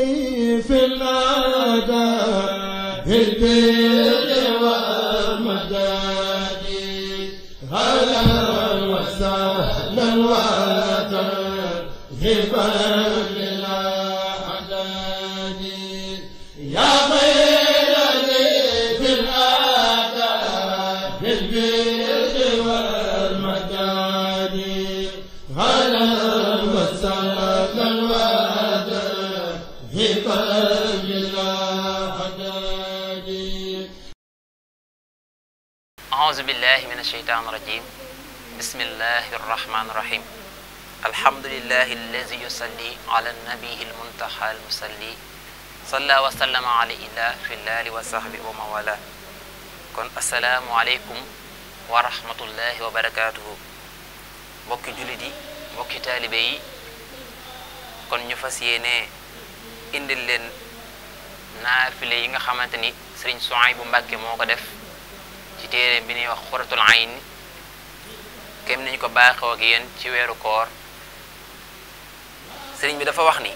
يدي في الأداء البيع والمداد هلا وسهلا وترهبا للأعداد يا خير لي في الأداء البيع والمداد أعوذ بالله من الشيطان الرجيم بسم الله الرحمن الرحيم الحمد لله الذي يصلي على النبي المنتهى المصلي صلى وسلم عليه إلى في الله وصحبه ومواله كن السلام عليكم ورحمة الله وبركاته بوكي جلدي بوكي تالبي كن نفسيني indil len nafile yi nga xamanteni serigne souaib mbacke moko def ci téere bi nuy wax xuratul ayn kem nañu ko baaxoo ak yéen ci weeru koor sëriñ bi dafa wax ni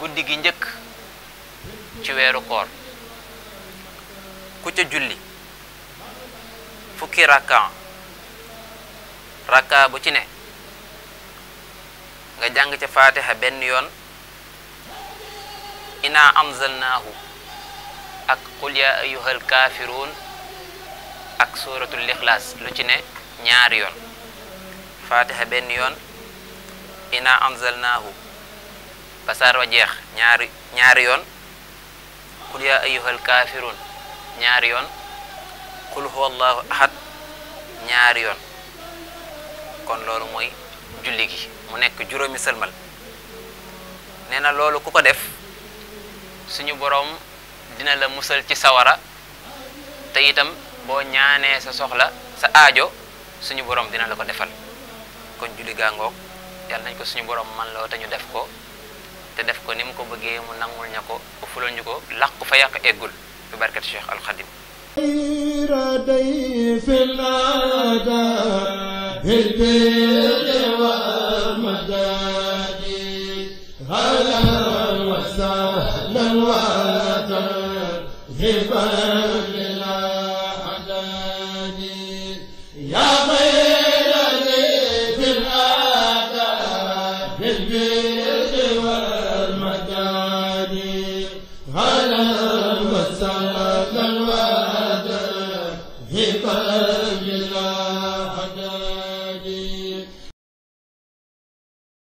guddi gi njëkk ci weeru koor ku ca julli fukki rakka rakka bu ci ne nga jàng ca faatiha benn yoon inaa anzalnaahu ak qul yaa ayyuhal kaafiruun ak suuratul ixlaas lu ci ne ñaari yoon fatiha benn yoon ina angel basaar wa jeex ñaari ñaari yoon qul yaa ayyuhal kaafiruun ñaari yoon qul huwa allahu ahad ñaari yoon kon loolu mooy julli gi mu nekk juróomi sëlmal nee na loolu ku ko def suñu boroom dina la musal ci sawara te itam Bo ñaané sa soxla sa aajo suñu borom dina la ko defal kon julli gàngoog yalla nañ ko suñu borom man loo te def ko te def ko nim ko bëggee mu nangul ñako ko fulal ñu fa yaq eggul bi barkat cheikh al khadim Hey, buddy. على وسلم وعد هبا